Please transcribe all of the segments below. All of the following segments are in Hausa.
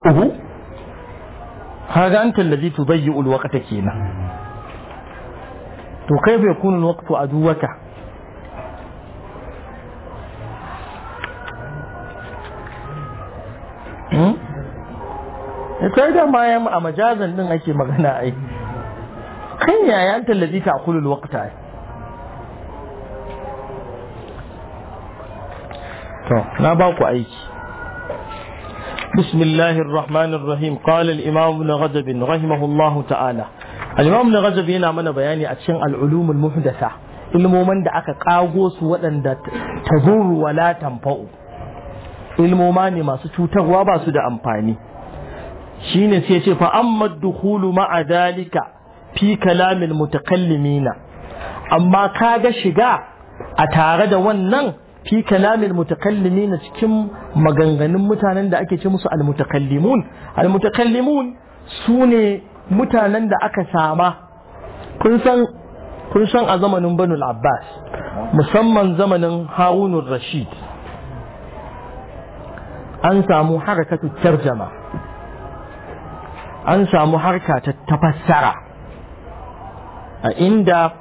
uhu haga antal ladhi ta ke nan. to kai bai kaifa yakunu alwaqtu aduwaka hmm sai eh, da ma a majazan din ake magana ai kan yaya antal ladhi ta'kulu alwaqta ai to na ba ku aiki بسم الله الرحمن الرحيم قال الإمام ابن غزب رحمه الله تعالى الإمام ابن غزب هنا من بياني أتشن العلوم المحدثة ilmoman da aka kago su waɗanda ta zuru wala tamfa'u ilmoma ne masu cutarwa ba su da amfani shine sai ce fa amma dukhulu ma'a dalika fi kalamin mutakallimina amma ka ga shiga a tare da wannan fi mutakallimi na cikin maganganun mutanen da ake ce musu almutakallimun almutakallimun su ne mutanen da aka sama kun san a zamanin banul abbas musamman zamanin harunun rashid an samu harkatu jama, an samu harka ta tafassara a inda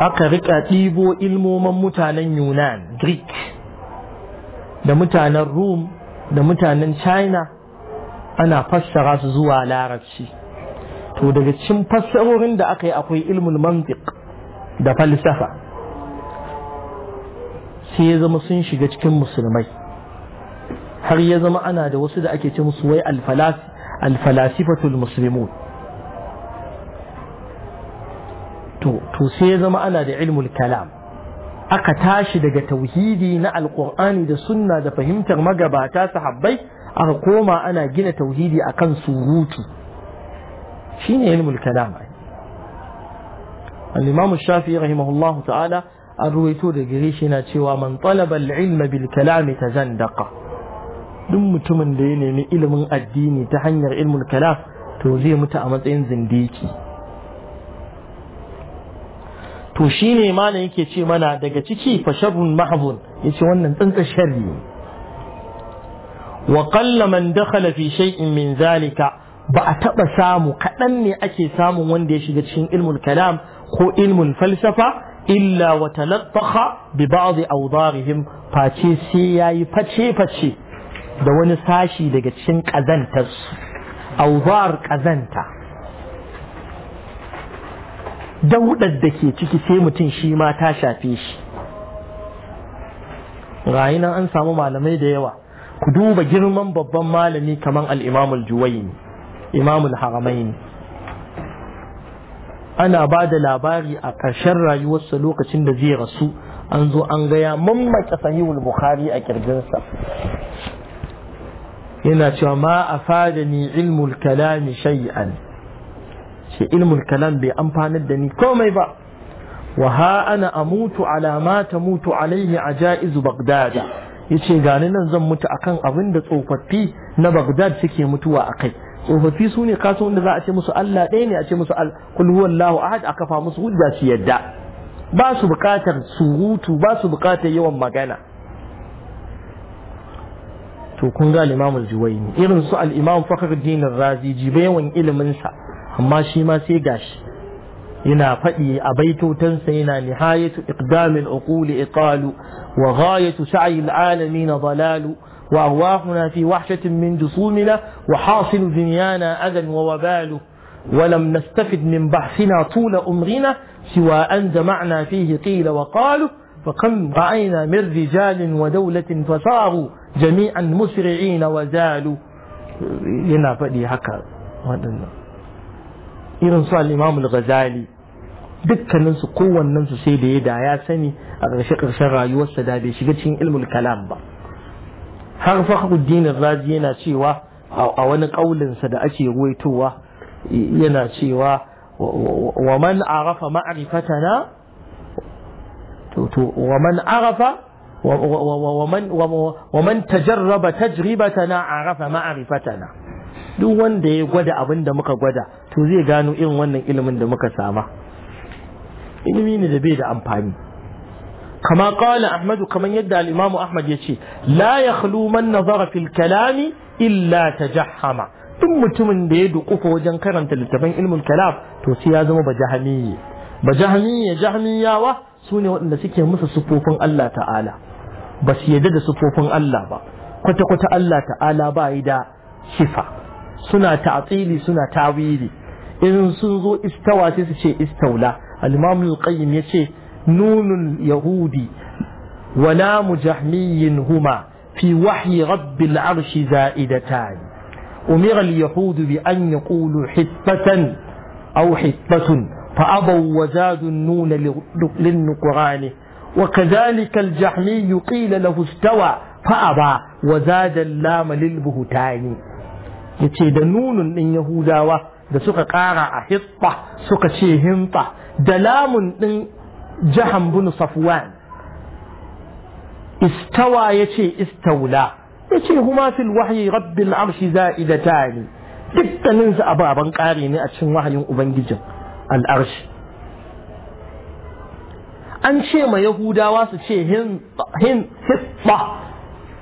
aka rika ɗibo ilmoman mutanen yunan greek da mutanen rum da mutanen china ana fassara su zuwa larabci to daga cin fassarorin da aka yi akwai ilmul mantik da falsafa sai ya zama sun shiga cikin musulmai har ya zama ana da wasu da ake ce musu wai alfalasifatul muslimun to sai ya zama ana da ilmul kalam aka tashi daga tauhidi na Alƙur'ani da sunna da fahimtar magabata sahabbai aka koma ana gina tauhidi akan surutu shine ilmul kalam al-imam shafi'i rahimahullahu ta'ala an ruwaito da gare shi yana cewa man talaba al-ilma bil kalam tazandaqa duk mutumin da ya nemi ilimin addini ta hanyar ilmul kalam to zai mutu a matsayin zindiki to shine malam yake ce mana daga ciki fa sharrun ya yace wannan tsantsan sharri ne wa qalla man dakhala fi shay'in min zalika ba a taba samu kadan ne ake samun wanda ya shiga cikin ilmul kalam ko ilmul falsafa illa wa talattaha bi ba'd awdarihim face sai yayi face face da wani sashi daga cikin kazantar awdar kazanta daudar da ke ciki sai mutum shi ma ta shafe shi rayu an samu malamai da yawa ku duba girman babban malami kamar al'imamul juwaini imamul haramaini ana ba da labari a ƙarshen rayuwarsa lokacin da zai rasu an zo an gaya mammaƙe sahihul bukhari a ƙirjinsa yana cewa ma a fada ni ilmul kalami shay'an ce ilmul kalam bai amfanar da ni komai ba wa ha ana amutu alamata mutu tamutu alaihi a ja'izu bagdada ce gani nan zan mutu akan abin da tsofaffi na bagdad suke mutuwa a kai. tsofaffi su ne kaso wanda za a ce musu Allah ɗaya ne a ce musu kul huwallahu a kafa musu hujja su yadda ba su bukatar surutu ba su bukatar yawan magana to kun ga al irin su al fakar dinin Razi ba yawan iliminsa. amma shi ma sai gashi ina fadi a baitotansa yana nihayatu iqdamil uquli iqalu wa ghayatu sa'yi alalamin dalalu wa arwahuna fi wahshatin min jusumina wa hasilu dunyana adan wa wabalu wa lam nastafid min من tula umrina siwa an jama'na fihi qila wa qalu فكم رأينا من رجال ودولة فصاروا جميعا مسرعين وزالوا هنا فدي هكا irin su al-imam al-ghazali dukkanin su kowannen su sai da ya da ya sani a ƙarshe ƙarshen rayuwarsa da bai shiga cikin ilmul kalam ba har fakhruddin razi yana cewa a wani kaulin sa da ake ruwaitowa yana cewa wa man arafa ma'rifatana to to wa man arafa wa man tajarraba tajribatana arafa ma'rifatana duk wanda ya gwada abin da muka gwada to zai gano irin wannan ilimin da muka sama ilimi ne da bai da amfani kama qala Ahmadu, kaman yadda al ahmad ya la yakhlu man nazara fil kalami illa ta jahama. duk mutumin da ya dukufa wajen karanta littafin ilimin kalam to sai ya zama bajahmi bajahmi jahamiyawa sune waɗanda suke musu sufofin Allah ta'ala ba su yadda da sufofin Allah ba kwata-kwata Allah ta'ala ba yi da shifa suna ta'tili suna tawili in sun zo istawa sai su ce istawla al-imam al-qayyim yace nunul yahudi wa la mujahmiyin huma fi wahyi rabbil arshi za'idatan umira al-yahud bi an yaqulu hitatan aw hitatun fa abaw wa wa zadu an-nun lin-qurani kadhalika al-jahmi yuqila lahu istawa fa aba wa zada al-lam lil-buhtani ya ce da nunun ɗin yahudawa da suka ƙara a hitta suka ce himta da lamun ɗin jahan bin safwan istawa ya ce istaula ya ce huma fil wahyi rabbil arshi za'idatani dukkaninsu ababen ƙari ne a cikin wahayin ubangijin al'arshi an ce ma yahudawa su ce hin hin hitta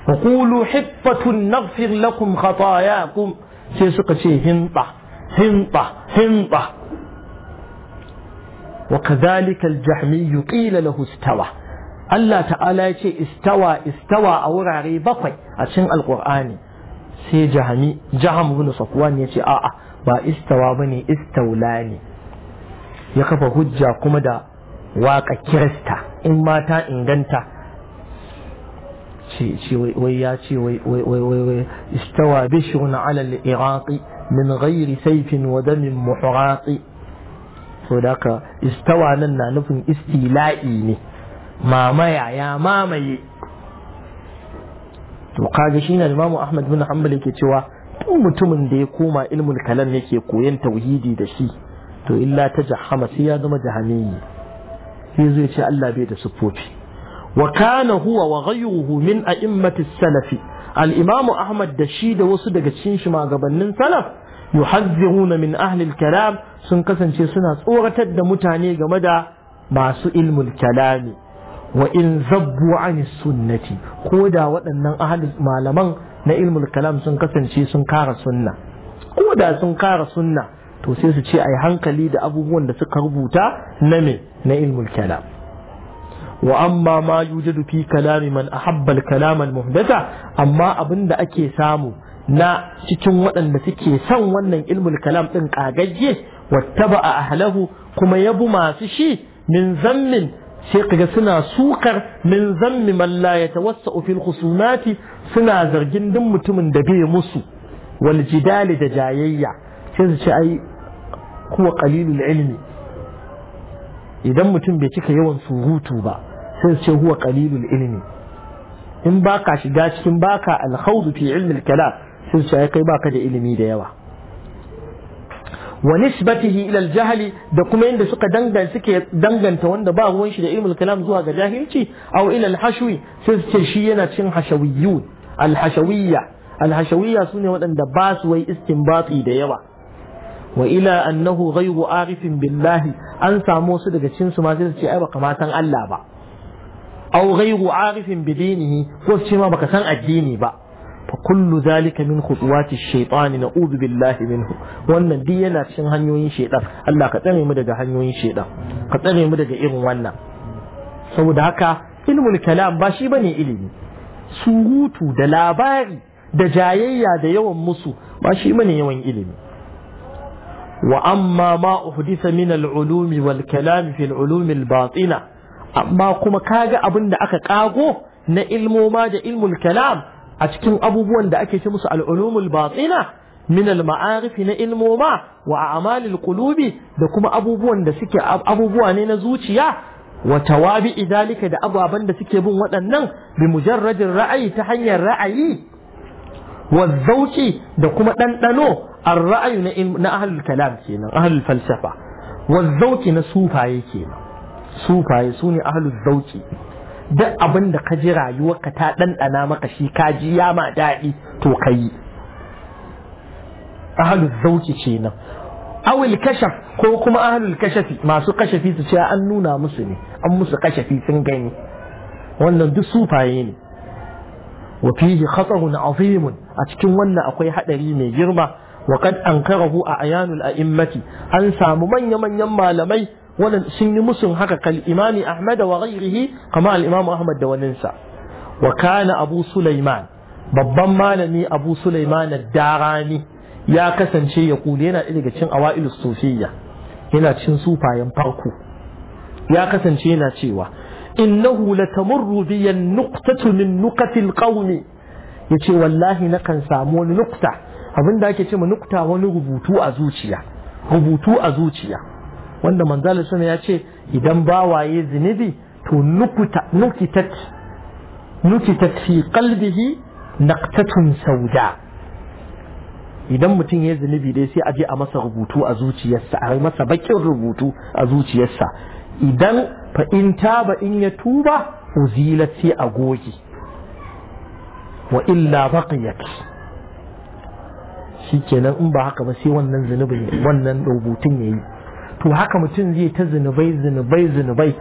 وقولوا حطة نغفر لكم خطاياكم سيسوك شيء هنطة هنطة هنطة وكذلك الجحمي قيل له استوى ألا تعالى شيء استوى استوى أو رعي بطي عشان القرآن سي جحمي جحم بن صفوان يشي آآ با استوى بني استولاني يقف هجا قمدا واقع كرستا إما تا إنغنتا إن wai ya ce wai wai istawa bishirun ala al-iraqi min ghairi sayfin wa damin muhraqi so da ka istawa nan na nufin istila'i ne mamaya ya mamaye to kaga shine Imam Ahmad bin Hanbal yake cewa duk mutumin da ya koma ilmul kalam yake koyan tauhidi da shi to illa ta jahama sai ya zama jahami ne sai zai ce Allah bai da sufofi wa kana huwa wa ghayruhu a'immati salafi al-imam ahmad da shi da wasu daga cikin shi magabannin salaf yuhadzuruna min ahli al-kalam sun kasance suna tsoratar da mutane game da masu ilmul kalam wa in zabbu ani sunnati ko da wadannan ahli malaman na ilmul kalam sun kasance sun kara sunna ko da sun kara sunna to sai su ce ai hankali da abubuwan da suka rubuta na me na ilmul kalam وأما ما يوجد في كلام من أحب الكلام المحدثة أما أبن دا أكي سامو na cikin waɗanda suke son wannan ilmul kalam ɗin ƙagagge wattaba a ahlahu kuma yabu masu shi min zammin sai kaga suna sukar min zammi man la yatawassa'u fil khusumati suna zargin duk mutumin da bai musu wal jidali da jayayya sai su ce ai kuwa qalilul ilmi idan mutum bai cika yawan surutu ba sai ce huwa qalilul ilmi in baka shiga cikin baka alkhawd fi ilmi al-kalam sai ce kai baka da ilimi da yawa wa nisbatihi ila al-jahli da kuma inda suka danganta suke danganta wanda ba ruwan shi da ilmul kalam zuwa ga jahilci aw ila al-hashwi sai ce shi yana cin hashawiyyun al-hashawiyya al-hashawiyya sune waɗanda ba su wai istinbati da yawa wa ila annahu ghayru arifin billahi an samu su daga cikin su ma sai ce ai ba kamatan Allah ba aw ghayru arifin bi dinihi ko ce ma baka san addini ba fa kullu zalika min khutuwati shaytani na'udhu billahi minhu wannan duk yana cikin hanyoyin shaytan Allah ka tsare mu daga hanyoyin shaytan ka tsare mu daga irin wannan saboda haka ilmul kalam ba shi bane ilimi surutu da labari da jayayya da yawan musu ba shi bane yawan ilimi wa amma ma uhdisa min al-ulumi wal kalam fi batsina. amma kuma kaga abin da aka kago na ilmoma da ilmul kalam a cikin abubuwan da ake ce musu al'ulumul batina min al-ma'arifi na ilmoma wa a'malil qulubi da kuma abubuwan da suke abubuwa ne na zuciya wa tawabi dalika da ababan da suke bin waɗannan bi mujarradin ra'ayi ta hanyar ra'ayi wa zauki da kuma ɗanɗano ar-ra'ayi na ahlul kalam kenan ahlul falsafa wa zauki na sufaye kenan sufaye su ne ahalus zauki duk abin da ka ji ka ta ɗanɗana maka shi ka ji ya ma daɗi to ka yi ahlul zauki nan. awil kashaf ko kuma ahlul kashafi masu kashafi su ce an nuna musu ne an musu kashafi sun gani wannan duk sufaye ne wa fihi khatarun azim a cikin wannan akwai hadari mai girma wa kad ankarahu a ayanul a'immati an samu manya manyan malamai wadan sun yi musun haka kal imami ahmad wa ghairihi kama al ahmad da waninsa wa kana abu sulaiman babban malami abu sulaiman ad-darani ya kasance ya kuli yana daga cin awailu sufiyya yana cin sufayen farko ya kasance yana cewa innahu latamurru biyan nuqtatu min nuqatil Ya yace wallahi nakan samu wani nukta abinda ake ce ma nukta wani rubutu a zuciya rubutu a zuciya wanda manzala sama ya ce idan bawaye zunubi to nukitat fi qalbihi naqtatun sauda idan mutum ya zunubi dai sai a a masa rubutu a zuciyarsa a masa bakin rubutu a zuciyarsa idan fa in taba in ya tuba uzilat sai a goge wa illa baqiyat shikenan in ba haka ba sai wannan zunubin wannan rubutun yayi to haka mutum zai ta zunubai zunubai zunubai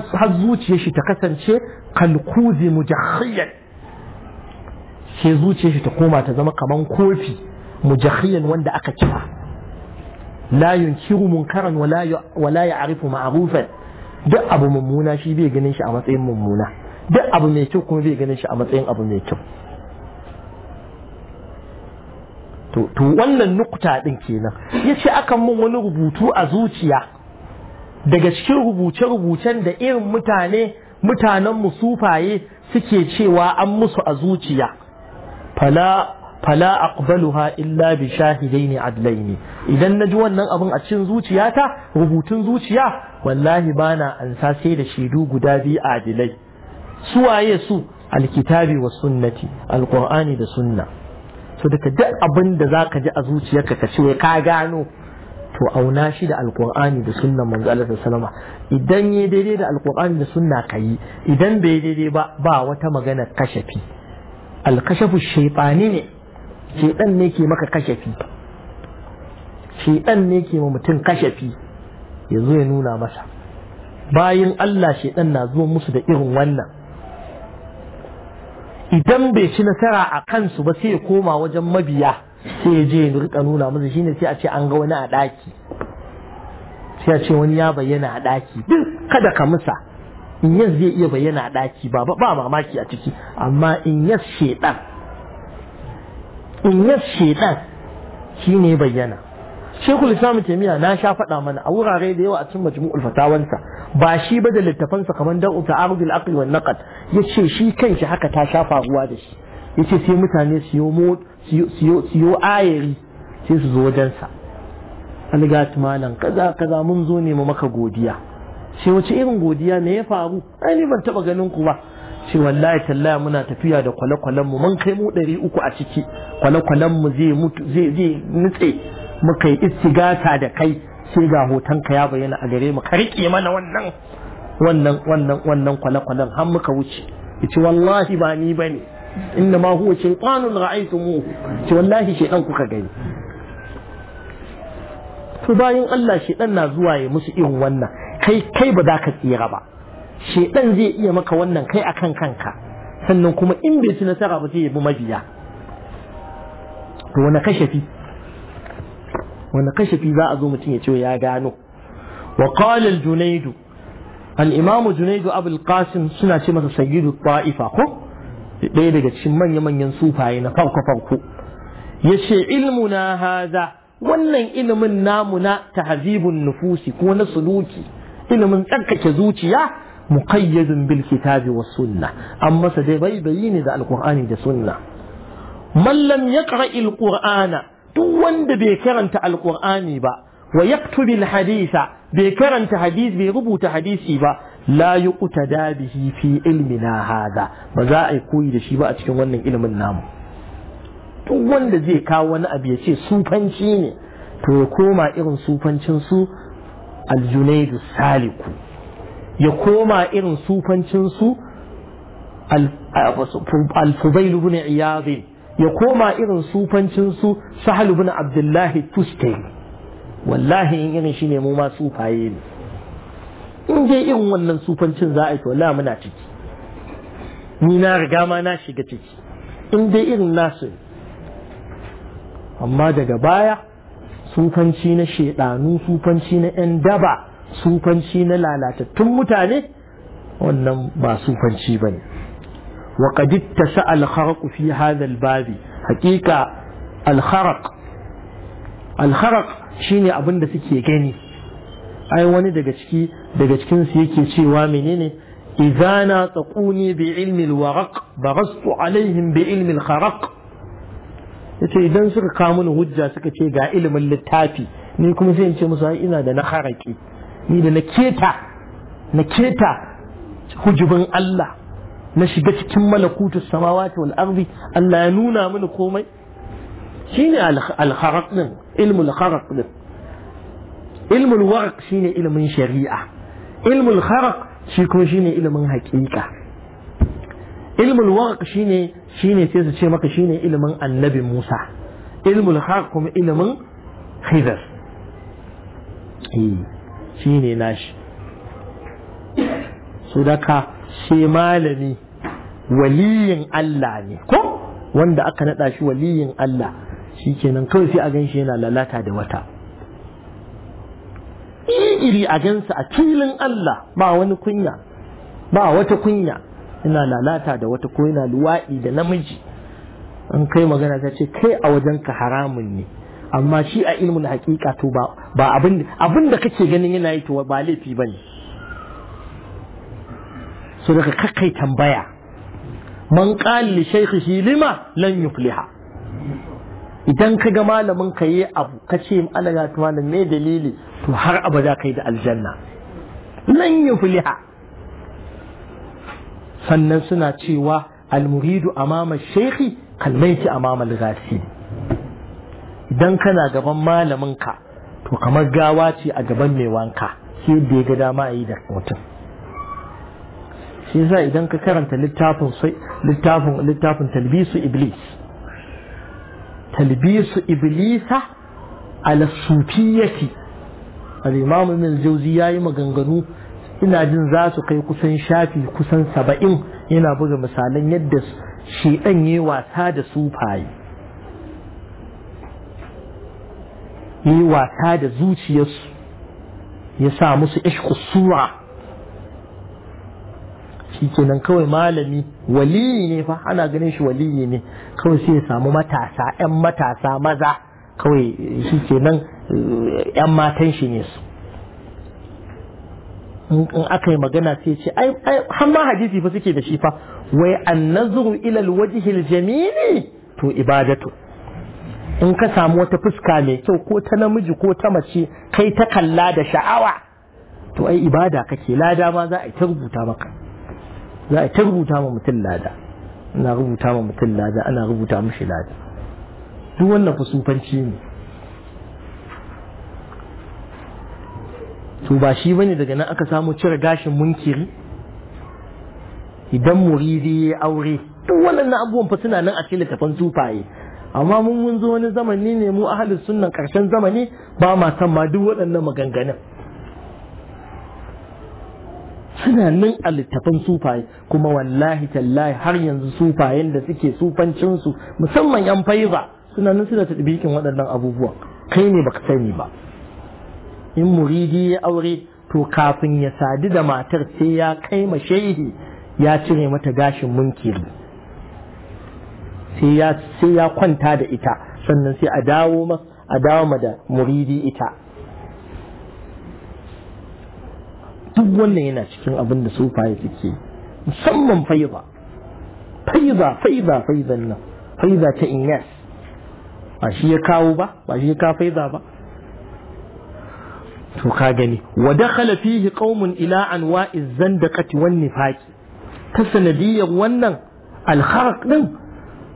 har zuciya shi ta kasance kalkuzi mujahiyan ke zuciya shi ta koma ta zama kaman kofi mujahiyan wanda aka kira la yunkiru munkaran wala ya arifu ma'arufan duk abu mummuna shi bai ganin shi a matsayin mummuna duk abu mai kyau kuma bai ganin shi a matsayin abu mai kyau to wannan nukta din kenan yace akan mun wani rubutu a zuciya daga cikin rubuce-rubucen da irin mutane mutanen musufaye suke cewa an musu a zuciya fala fala aqbaluha illa bi shahidaini adlaini idan naji wannan abin a cikin zuciyata rubutun zuciya wallahi bana ansa sai da shaidu guda biyu adilai su waye su alkitabi wa sunnati alqur'ani da sunna so daga duk abin da za ka ji a zuciyarka ka ce ka gano to auna shi da alkur'ani da sunnan manzo Allah sallama idan ya daidai da alkur'ani da sunna kai idan bai daidai ba ba wata magana kashafi alkashafu shaytani ne shaytan ne ke maka kashafi shaytan ne ke ma mutum kashafi yazo ya nuna masa bayin Allah shaytan na zo musu da irin wannan idan bai ci nasara a kansu ba sai ya koma wajen mabiya sai ya je ya rika nuna musu shine sai a ce an ga wani a daki sai a ce wani ya bayyana a daki duk kada ka musa in yas zai iya bayyana a daki ba ba mamaki a ciki amma in yas shedan in yas shedan shine bayyana shekul islam taimiyya na sha faɗa mana a wurare da yawa a cikin majmu'ul fatawansa ba shi ba da littafansa kamar uta arudul aqli wan naqd yace shi kanshi haka ta sha faruwa da shi yace sai mutane su yo su yo ayari sai su zo wajensa algat malam kaza kaza mun zo ne mu maka godiya sai wace irin godiya ne ya faru ai ban taba ganin ku ba ce wallahi tallahi muna tafiya da kwale-kwalen mu mun kai mu 300 a ciki kwale-kwalen mu zai mutu zai zai nutse muka yi istigata da kai sai ga ka ya bayyana a gare mu ka rike mana wannan wannan wannan wannan kwale-kwalen har muka wuce yace wallahi ba ni bane inna ma huwa shaytanun ra'aytumuhu ce wallahi shaytan kuka gani to bayan Allah shaytan na zuwa ya musu irin wannan kai kai ba za ka tsira ba shaytan zai iya maka wannan kai akan kanka sannan kuma in bai ci nasara ba zai yi mabiya to wani kashafi wani kashafi za a zo mutum ya ce ya gano wa qala al-junaydu al-imamu junaydu al qasim suna ce masa sayyidu ta'ifa ko ɗaya daga cikin manya-manyan sufaye na farko-farko ya ce na haza wannan ilimin namu na tahzibun nufusi ko na suluki ilimin tsarkake zuciya muqayyadun bil kitabi was sunna amma masa dai bai bayani da alqur'ani da sunna man lam yaqra al-qur'ana duk wanda bai karanta alqur'ani ba wa yaktubil hadisa bai karanta hadisi bai rubuta hadisi ba la yuqtada bihi fi na hada ba za a yi koyi da shi ba a cikin wannan ilimin namu duk wanda zai kawo wani abu ya ce sufanci ne to ya koma irin sufancin su aljunaidu saliku ya koma irin sufancin su al-fubailu bin iyadin ya koma irin sufancin su sahalu bin abdullahi tustai wallahi in irin shine mu ma sufaye ne in dai irin wannan sufancin za a yi to muna ciki ni na riga ma na shiga ciki in dai irin nasu amma daga baya sufanci na shedanu sufanci na yan daba sufanci na lalatattun mutane wannan ba sufanci ba ne wa qad ittasa al kharaq fi hadha al bab haqiqa shine abin da suke gani ai wani daga ciki daga cikin su yake cewa menene idza na taquni bi ilmi al waraq baghastu alaihim bi ilmin al kharaq yace idan suka kawo mini hujja suka ce ga ilimin littafi ni kuma sai in ce musu ina da na haraki ni da na keta na hujubin Allah na shiga cikin malakutu samawati wal ardi Allah ya nuna mini komai shine al-kharaq din ilmul kharaq din ilmul warq shine ilmin shari'a ilmul kharaq shi kuma shine ilmin haqiqa ilmul warq shine shine sai su ce maka shine ilmin annabi Musa ilmul kharaq kuma ilmin khidr eh, shine nashi so daka sai malami waliyin Allah ne ko wanda aka naɗa shi waliyin Allah shi kenan kawai sai a shi yana lalata da wata iri a gansa a filin Allah ba wani kunya ba wata kunya ina lalata da wata ko yana luwaɗi da namiji an kai magana ta ce kai a ka haramun ne amma shi a ilmin hakika to ba abin da kake ganin yana yi to ba laifi bane ne so daga kakai tambaya man qala li shaykhihi lima lan yufliha idan ka ga malamin ka yi abu ka ce ana ga ta me dalili to har abada kai da aljanna lan yufliha sannan suna cewa almuridu amama shaykhi kalmaiti amama al idan kana gaban malamin ka to kamar gawa ce a gaban mai wanka sai da ya ga dama yi da mutum shi yasa idan ka karanta littafin littafin littafin talbisu iblis talbisu iblisa ala sufiyati al-imam ibn jawzi yayi maganganu ina jin za su kai kusan shafi kusan saba'in yana buga misalan yadda shi yi wasa da sufaye yi wasa da zuciyarsu ya sa musu ishku sura shi kenan kawai malami waliyi ne fa ana ganin shi waliyi ne kawai sai ya samu matasa 'yan matasa maza kawai shi kenan 'yan eh, matan shi ne su in aka yi magana sai ce ai har ma hadisi fa suke da shi fa wai annazuru ila alwajhi aljamili to ibadatu in ka samu wata fuska mai kyau ko ta namiji ko ta mace kai ta kalla da sha'awa to ai ibada kake lada ma za a ta rubuta maka za a ta rubuta ma mutum lada ana rubuta ma mutum lada ana rubuta mishi lada duk wannan fasufanci ne to ba shi bane daga nan aka samu cire gashin munkiri idan muridi ya aure duk wannan abubuwan fa suna nan a cikin littafan sufaye amma mun mun zo wani zamani ne mu ahalin sunnan karshen zamani ba ma san ma duk waɗannan maganganun suna nan a littafan sufaye kuma wallahi tallahi har yanzu sufayen da suke sufancinsu musamman yan faiza suna nan suna ta waɗannan abubuwa kai ne baka sani ba in muridi ya aure to kafin ya sadu da matar sai ya kai ma shehi ya cire mata gashin munkiri sai ya kwanta da ita sannan sai a dawo ma da muridi ita duk wannan yana cikin abin da sufaye suke musamman faiza faiza faiza faizan nan faiza ta inyas ba shi ya kawo ba ba shi ya kawo faiza ba to ka gani wa dakhala fihi qaumun ila anwa'i zandaqati wan nifaqi ta sanadiyar wannan alharq din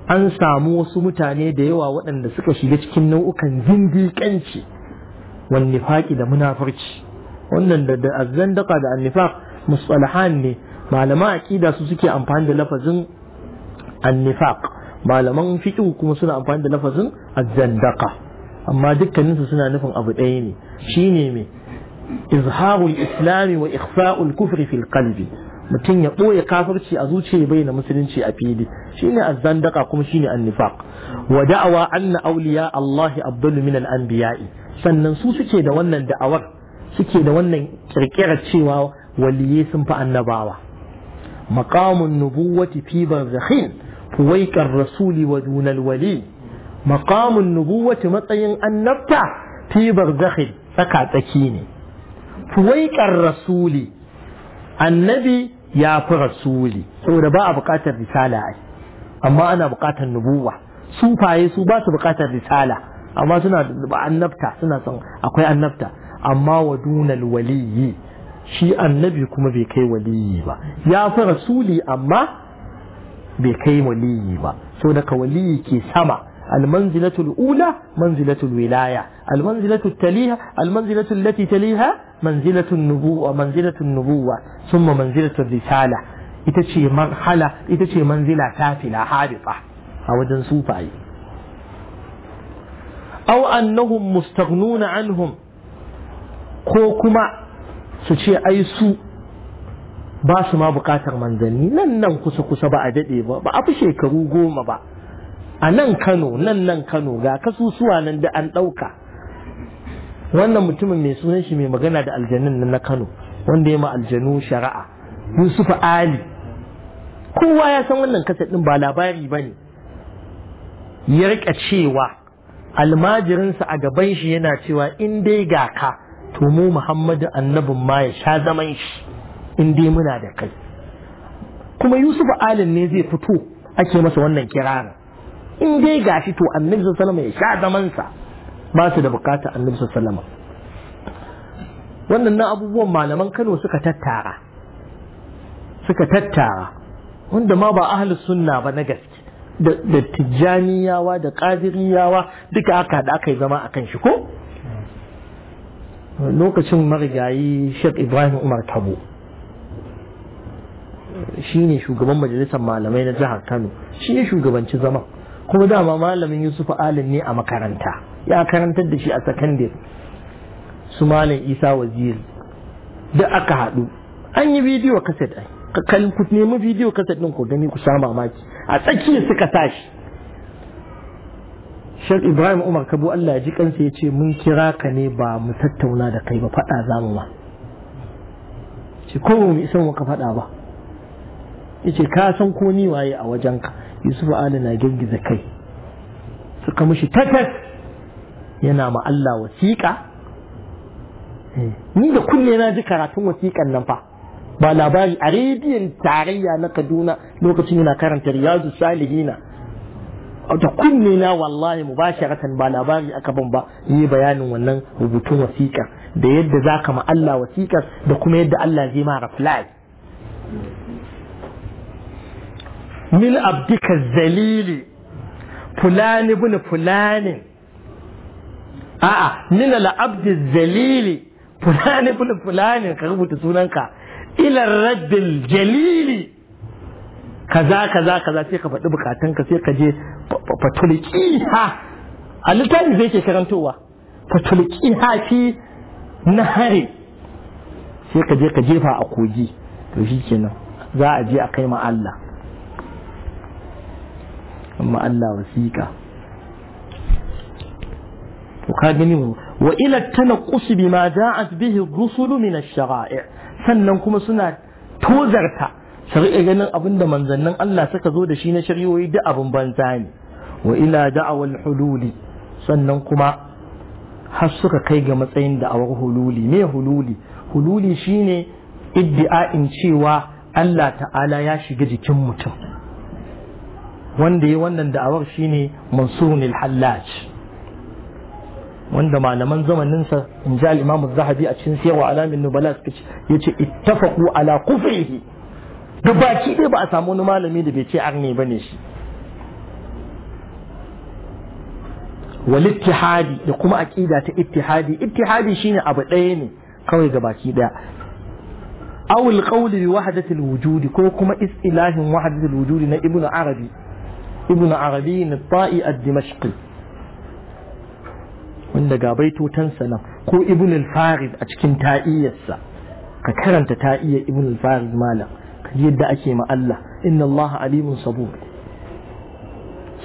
an samu wasu mutane da yawa waɗanda suka shiga cikin nau'ukan zindiƙanci wan nifaqi da munafurci wannan da azzandaka da annifaq mustalahan ne malama aqida su suke amfani da lafazin annifaq malaman fiqh kuma suna amfani da lafazin azzandaka amma dukkanin su suna nufin abu ɗaya ne shine me izharul islami wa ikhfa'ul kufri fil qalbi mutum ya ɓoye kafirci a zuciya bai na musulunci a fili shine azzandaka kuma shine annifaq wa da'awa anna awliya Allah abdul min al-anbiya'i sannan su suke da wannan da'awar suke da wannan kirkirar cewa waliyai sun fi annabawa maqamun nubuwati fi barzakhin fuwaikar rasuli wa dunal wali maqamun nubuwati matsayin annabta fi barzakhin tsaka tsaki ne fuwaikar rasuli annabi ya fi rasuli saboda ba a buƙatar risala ai amma ana buƙatar nubuwa sufaye su ba su buƙatar risala amma suna annabta suna son akwai annabta أما ودون dunal waliyi shi annabi kuma bai kai waliyi ba ya fi rasuli amma bai kai waliyi ba المنزلة الأولى منزلة الولاية المنزلة التليها المنزلة التي تليها منزلة النبوة منزلة النبوة ثم منزلة الرسالة إتشي مرحلة إتشي منزلة كافلة حادثة أو دنسوفة أي أو أنهم مستغنون عنهم ko kuma su ce ai su ba su ma bukatar manzanni nan nan kusa kusa ba a daɗe ba ba a fi shekaru goma ba a nan kano nan nan kano ga kasusuwa nan da an ɗauka wannan mutumin mai sunan shi mai magana da aljanun nan na kano wanda ya ma aljanu shari'a yusuf ali kowa ya san wannan kasadin ba labari ba ne ya rika cewa almajirinsa a gaban shi yana cewa in dai ga ka to mu Muhammadu annabin ma ya sha zaman shi in dai muna da kai kuma Yusuf Alin ne zai fito ake masa wannan kirarin in dai gashi to annabi sallallahu alaihi ya sha zaman sa ba su da bukata annabi sallallahu wannan na abubuwan malaman Kano suka tattara suka tattara wanda ma ba ahlus sunna ba na gaske da tijjaniyawa da qadiriyawa duka aka da aka yi zama akan shi ko lokacin marigayi Sheikh Ibrahim Umar Tabo shi ne shugaban majalisar malamai na jihar Kano shi ne shugabanci zama kuma dama malamin Yusuf Alin ne a makaranta ya karantar da shi a sakandare su malam Isa Wazir da aka haɗu an yi bidiyo kaset ai ka nemi bidiyo kaset ɗin ku gani ku sha mamaki a tsakiyar suka tashi shek ibrahim umar kabu allah ya ji kansa ya ce mun kira ka ne ba mu tattauna da kai ba faɗa za mu ba ce ko mu isan ka faɗa ba ya ce ka san ko ni waye a wajenka yusuf ali na girgiza kai suka mushi tatas yana ma allah wasiƙa eh, ni da kunne na ji karatun wasiƙan nan fa ba labari a rediyon tarayya na kaduna lokacin yana karanta riyadu salihina da kunne na wallahi mubasharatan ba labari aka ban ba yi bayanin wannan rubutun wasiƙar da yadda za ka ma'alla Allah wasiƙar da kuma yadda Allah zai ma reply mil abdika zalili fulani bin fulani a'a min al abdi zalili fulani bin fulani ka rubuta sunanka ila rabbil jalili kaza kaza kaza sai ka faɗi bukatunka sai ka je fatulki ha a littafi zai ke karantowa fatulki ha fi nahari sai ka je ka jefa a kogi to shi kenan za a je a kai ma Allah amma Allah wasiƙa to ka gani wa ila tanaqqus bima da'at bihi ar-rusulu min ash-shara'i sannan kuma suna tozarta sarƙe ganin abin da manzannin Allah suka zo da shi na shari'o'i duk abin banza ne wa ila da'awal hululi sannan kuma har suka kai ga matsayin da'awar hululi me hululi hululi shine iddi'a'in cewa Allah ta'ala ya shiga jikin mutum wanda ya wannan da'awar shine Mansur hallaj wanda malaman zamaninsa in ji al-imam zahabi a cikin wa alamin nubala suka ce yace ittafaqu ala kufrihi duk baki ɗaya ba a samu wani malami da bai ce arni ba ne shi walittihadi da kuma aƙida ta ittihadi ittihadi shine abu ɗaya ne kawai ga baki ɗaya awul qawli bi wahdatil wujudi ko kuma istilahin wahdatil wujudi na ibnu arabi ibnu arabi ta'i ad-dimashqi wanda ga baitotan nan ko ibnu al-farid a cikin ta'iyarsa ka karanta ta'iyar ibnu al-farid malam yadda ake ma Allah inna Allah alimun sabur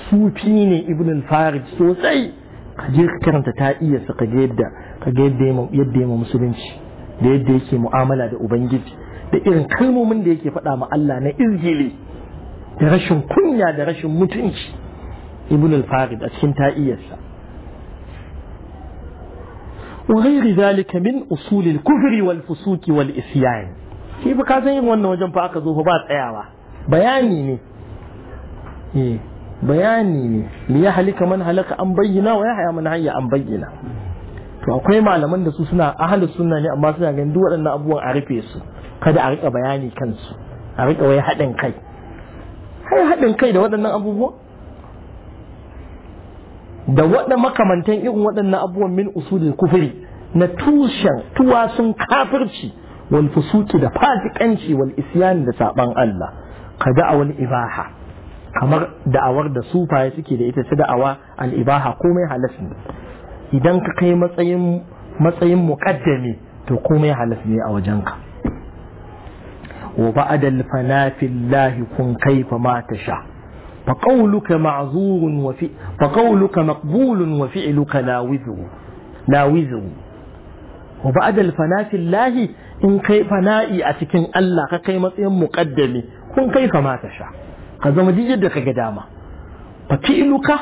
sufi ne ibn al farid sosai ka je ka karanta ta iya su ka yadda ka yadda yadda ya musulunci da yadda yake mu'amala da ubangiji da irin kalmomin da yake faɗa ma Allah na izgili da rashin kunya da rashin mutunci ibn al-farid a cikin ta iya ta'iyarsa وغير ذلك من أصول الكفر والفسوق والإسيان shi ka san yin wannan wajen fa aka zo fa ba tsayawa bayani ne eh, bayani ne li ya halika man halaka an bayyana wa ya haya man hayya an bayyana to akwai malaman da su suna ahlus sunna ne amma suna ganin duk waɗannan abubuwan a rufe su kada a rika bayani kansu a rika wai haɗin kai kai haɗin kai da waɗannan abubuwan da waɗa makamantan irin waɗannan abubuwan min usulul kufri na tushen tuwasun kafirci والفسوكي دا فاسق انشي والاسيان دا سابان الله كدعوة الإباحة كما دعوة دا سوفا يسكي دا دعوة الإباحة قومي على سنة إذن كقي مصيم مصيم مقدمي تو قومي على سنة أو جنك وبعد الفناء في الله كن كيف ما تشاء فقولك معذور وفي فقولك مقبول وفعلك لاوذ لاوذ وبعد الفناء في الله in kai fana'i a cikin Allah ka kai matsayin muqaddami kun kai fama ta sha ka zama jijiyar da kaga dama fa fi'luka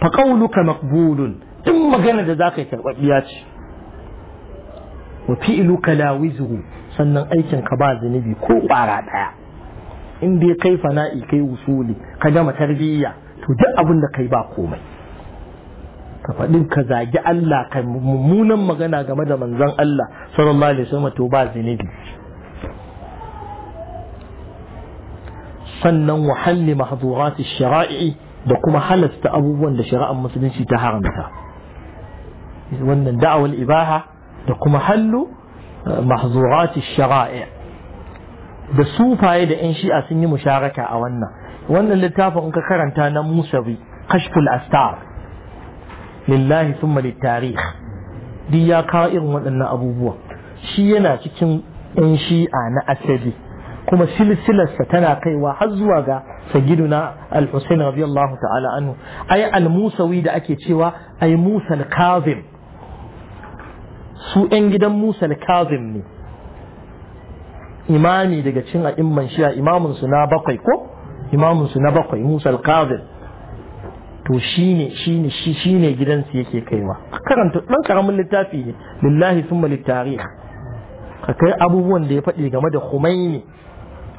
fa qawluka maqbulun duk magana da zaka yi karɓaɓɓiya ce wa fi'luka la wizru sannan aikin ka ba zunubi ko ƙwara ɗaya in dai kai fana'i kai usuli ka gama tarbiyya to duk abin da kai ba komai ka faɗin ka zagi Allah ka mummunan magana game da manzon Allah sallallahu alaihi wasallam to ba sannan wa halli shara'i da kuma halasta abubuwan da shari'ar musulunci ta haramta wannan da'awar ibaha da kuma hallu eh, mahdhurat shara'i da sufaye da yan shi'a sun yi musharaka a wannan wannan littafin in ka karanta na Musawi kashful astar lillahi thumma littarikh duk ya kawo irin waɗannan abubuwa shi yana cikin ɗan shi'a na asali kuma silsilarsa tana kaiwa har zuwa ga sagiduna al-Husain radiyallahu ta'ala anhu ai al-Musawi da ake cewa ai Musa al-Kazim su ɗan gidan Musa al-Kazim ne imami daga cin a'imman shi'a imamun su na bakwai ko imamun su na bakwai Musa al-Kazim to shine shine shi ne gidansu yake kaiwa karanta ɗan karamin littafi ne lillahi mali littarikh ka kai abubuwan da ya faɗi game da kumaini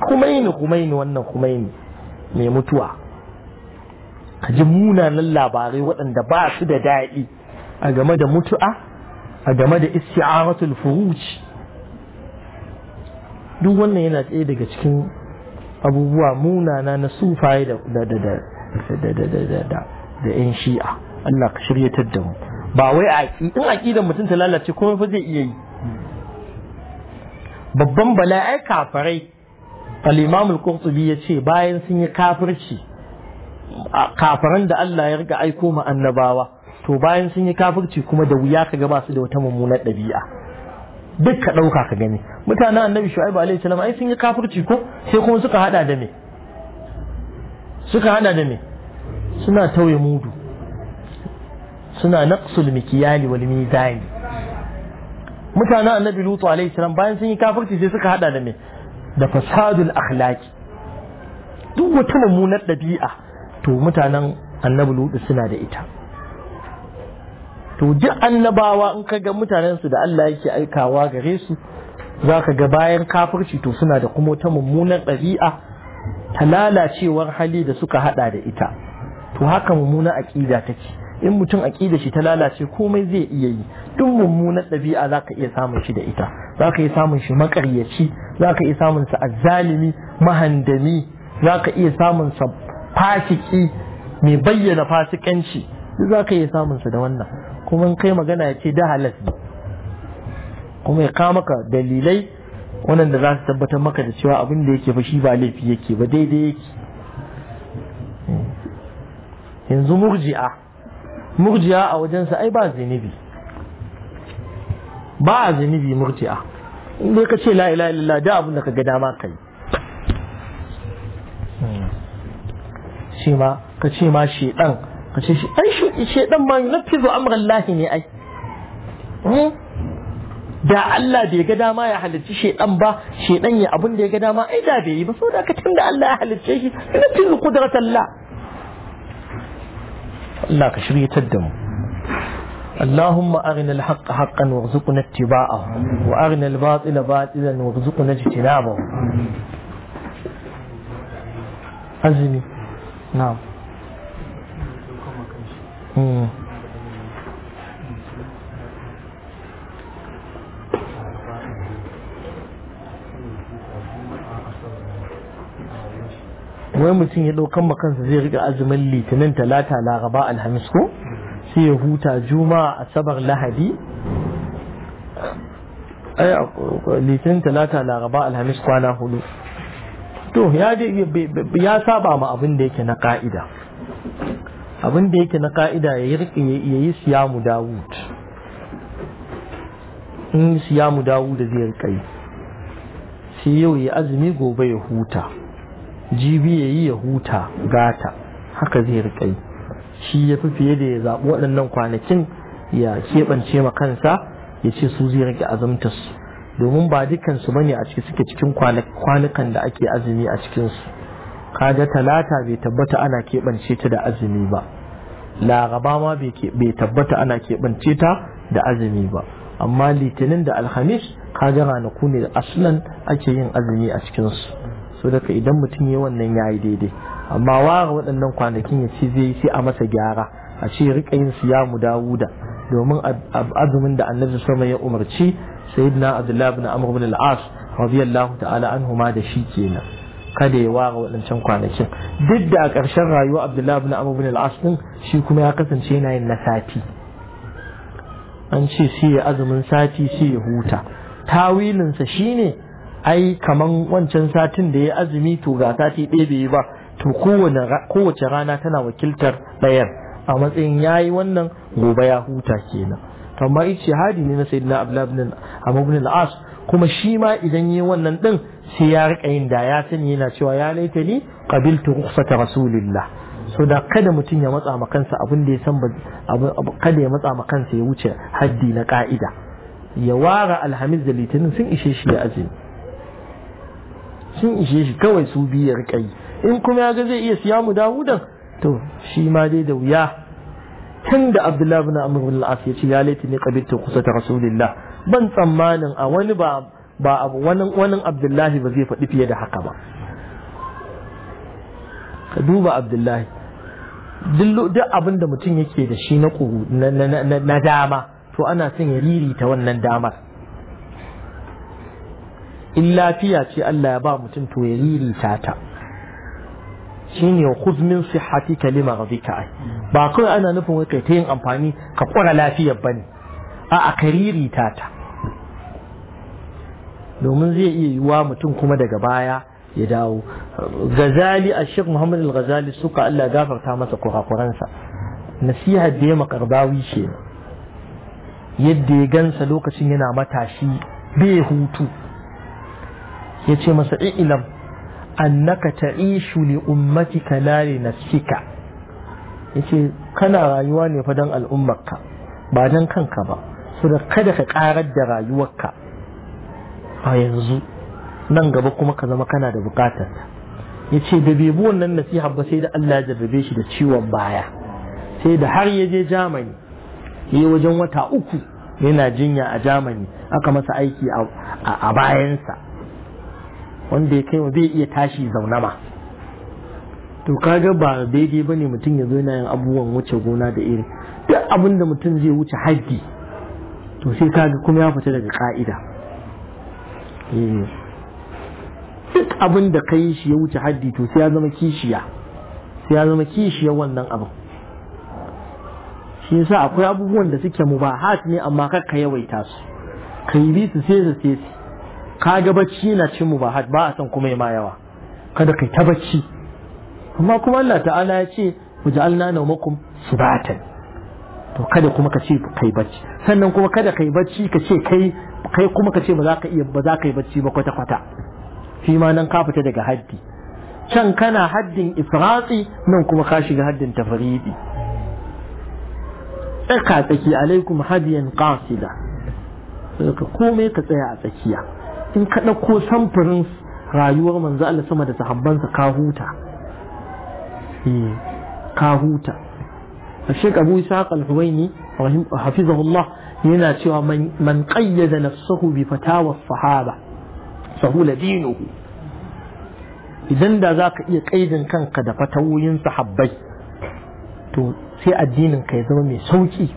kumaini kumaini wannan kumaini mai mutuwa ka ji munanan labarai waɗanda ba su da daɗi a game da mutu'a a game da isti'aratul furuj duk wannan yana tsaye daga cikin abubuwa munana na sufaye da da da da da da da da yan shi'a Allah ka shiryatar da mu ba wai a in aqidar mutum ta lalace komai fa zai iya yi babban bala'i kafarai al imamul qurtubi yace bayan sun yi kafirci kafiran da Allah ya riga aiko ma annabawa to bayan sun yi kafirci kuma da wuya kaga ba su da wata mummunar ɗabi'a duk ka ɗauka ka gani mutanen annabi shu'aib alayhi salam ai sun yi kafirci ko sai kuma suka hada da me suka hada da me suna tauye mudu suna naqsul mikiyali wal mizani mutanen annabi lutu alayhi salam bayan sun yi kafirci sai suka hada da me da fasadul akhlaqi duk wata mummunar dabi'a to mutanen annabi lutu suna da ita to duk annabawa in ka ga mutanen su da Allah yake aikawa gare su zaka ga bayan kafirci to suna da kuma wata mummunar dabi'a ta lalacewar hali da suka hada da ita to haka mummuna aqida take in mutum aqida shi ta lalace komai zai iya yi duk mummunar ɗabi'a zaka iya samun shi da ita zaka iya samun shi makaryaci zaka iya samun sa azzalimi mahandami zaka iya samun sa fasiki mai bayyana fasikanci zaka iya samun sa da wannan kuma in kai magana ya ce da halas ne kuma ya kawo maka dalilai wannan da za su tabbatar maka da cewa abin da yake fa shi ba laifi yake ba daidai yake yanzu murji'a murji'a a wajensa ai ba zinibi, ba a zinibi murji'a in dai ka ce la ilaha illallah da abin da ka ga dama kai shi ma ka ce ma shedan ka ce shi ai shedan ma nafizu lahi ne ai hmm? da Allah bai ga dama ya halicci shedan ba shedan ya abin da ya ga dama ai da bai yi ba saboda ka tunda Allah ya halicce shi na nafizu qudratallah الله كشبيه تدم اللهم أغن الحق حقا وارزقنا اتباعه وأغن الباطل باطلا وارزقنا اجتنابه أزني نعم مم. wai mutum ya ɗaukan ma kansa zai riga azumin litinin talata laraba alhamis ko sai ya huta juma'a asabar lahadi ai litinin talata laraba alhamis kwana hudu to ya ya saba ma abin da yake na ka'ida abin da yake na ka'ida ya yi siyamu dawud in siyamu dawud da zai riƙe yi sai yau ya azumi gobe ya huta jibi ya yi ya huta gata haka zai riƙa yi shi ya fi fiye da ya zaɓi waɗannan kwanakin ya keɓance ma kansa ya ce su zai riƙe azumtarsu domin ba dukansu bane a ciki suke cikin kwanukan da ake azumi a cikinsu kaga talata bai tabbata ana keɓance ta da azumi ba laraba ma bai tabbata ana keɓance ta da azumi ba amma litinin da alhamis kaga ranaku ne da aslan ake yin azumi a cikinsu so daga idan mutum ya wannan ya yi daidai amma wara waɗannan kwanakin ya ce zai yi sai a masa gyara a ce riƙa yin siyamu dawuda domin azumin da annabi sama ya umarci sayyidina abdullahi bin amr bin al-as radiyallahu ta'ala an huma da shi kenan kada ya wara waɗancan kwanakin duk da a ƙarshen rayuwa abdullahi bin amr bin al-as din shi kuma ya kasance yana yin na sati an ce sai ya azumin sati sai ya huta tawilinsa shine ai kaman wancan satin da ya azumi to ga sati ɗaya bai yi ba to kowace rana tana wakiltar ɗayan a matsayin ya yi wannan gobe ya huta kenan to amma hadi ne na sayyidina abdullahi ibn ibn al-as kuma shi ma idan yi wannan din sai ya rika yin da ya sani yana cewa ya laita ni qabiltu rukhsata rasulillah so da kada mutum ya matsa ma kansa abin da ya san kada ya matsa ma kansa ya wuce haddi na ka'ida ya ware alhamis da litinin sun ishe shi ya azumi sun ishe shi kawai su biyu ya in kuma ya ga zai iya siya mu dawudan to shi ma dai da wuya tun da abdullahi bin amr bin ya ce ya laiti ne qabiltu kusa ta rasulillah ban tsammanin a wani ba abu wani abdullahi ba zai faɗi fiye da haka ba ka duba abdullahi duk abin da mutum yake da shi na dama to ana son ya ta wannan damar in lafiya ce Allah ya ba mutum to ya ririta ta shine wa khudh min kalima ga zika ai ba kawai ana nufin wata ta yin amfani ka kora lafiyar ba bane a ka ririta ta domin zai iya yiwa mutum kuma daga baya ya dawo gazali a shek Muhammadu gazali suka Allah gafarta masa kurakuransa nasihar da ya makarbawi ce yadda ya gansa lokacin yana matashi bai hutu ya ce masa ilam annaka ta'ishu li ummatika la li nafsika yace kana rayuwa ne fa dan al'ummarka ba dan kanka ba so da kada ka karar da rayuwarka a yanzu nan gaba kuma ka zama kana da bukatar yace da bebu wannan nasiha ba sai da Allah ya jarrabe shi da ciwon baya sai da har ya je jamani ya wajen wata uku yana jinya a Jamani aka masa aiki a bayansa wanda ya kai wa zai iya tashi ma. to kaga ba daidai bane mutum ya zo yana yin abubuwan wuce gona da iri duk abin da mutum zai wuce haddi to sai kaga kuma ya fita daga ka'ida eh. duk abin da kai shi ya wuce haddi to sai ya zama kishiya sai ya zama kishiyar wannan abin shi yasa akwai abubuwan da suke mubahat ne amma kakka yawaita su ka yi su sai su sai su Ka ga bacci na cin mu ba a san kuma ma yawa kada kai ta bacci amma kuma Allah ta'ala ya ce waja'alna nawmakum subatan to kada kuma ka ce kai bacci sannan kuma kada kai bacci ka ce kai kuma ka ce ba za ka iya ba za ka yi bacci ba kwata kwata shi ma nan ka fita daga haddi can kana haddin ifratsi nan kuma ka shiga haddin tafaridi tsaka tsaki alaikum hadiyan qasida ka komai ka tsaya a tsakiya in ka ɗauko samfurin rayuwar manzo Allah sama da sahabbansa ka huta ka huta الشيخ أبو إسحاق الحويني رحمه حفظه الله yana cewa man qayyada قيد bi fatawa sahaba sahula dinuhu idan da zaka iya kaidin kanka da fatawoyin sahabbai to sai addinin ka ya zama mai sauki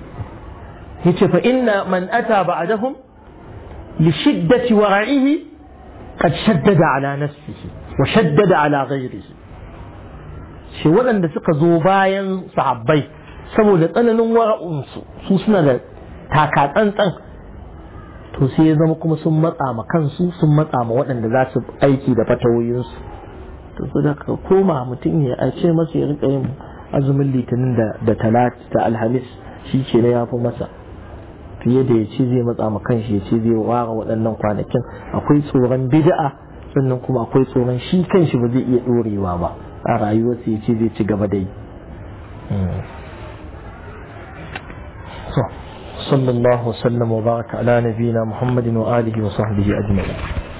yace fa inna man ata ba'dahum لشدة ورعه قد شدد على نفسه وشدد على غيره شي ولن دا سكا زوبايا صعبي سبو لتنن ورع أمسو سوسنا دا تاكات أنت توسي يزمكم سمت آما كان سو سمت آما ولن دا داس أيكي دا فتو ينسو تصدق كوما متيني أشي مسيرك أيم أزم اللي تنن دا تلات تا الحميس شي شي ليا فو مسأ fiye da ya ce zai matsa ma kanshi ya zai wara waɗannan kwanakin akwai tsoron bida'a sannan kuma akwai tsoron shi kanshi ba zai iya ɗorewa ba a rayuwarsa ya ce zai ci gaba da yi صلى الله وسلم وبارك على نبينا محمد وآله وصحبه أجمعين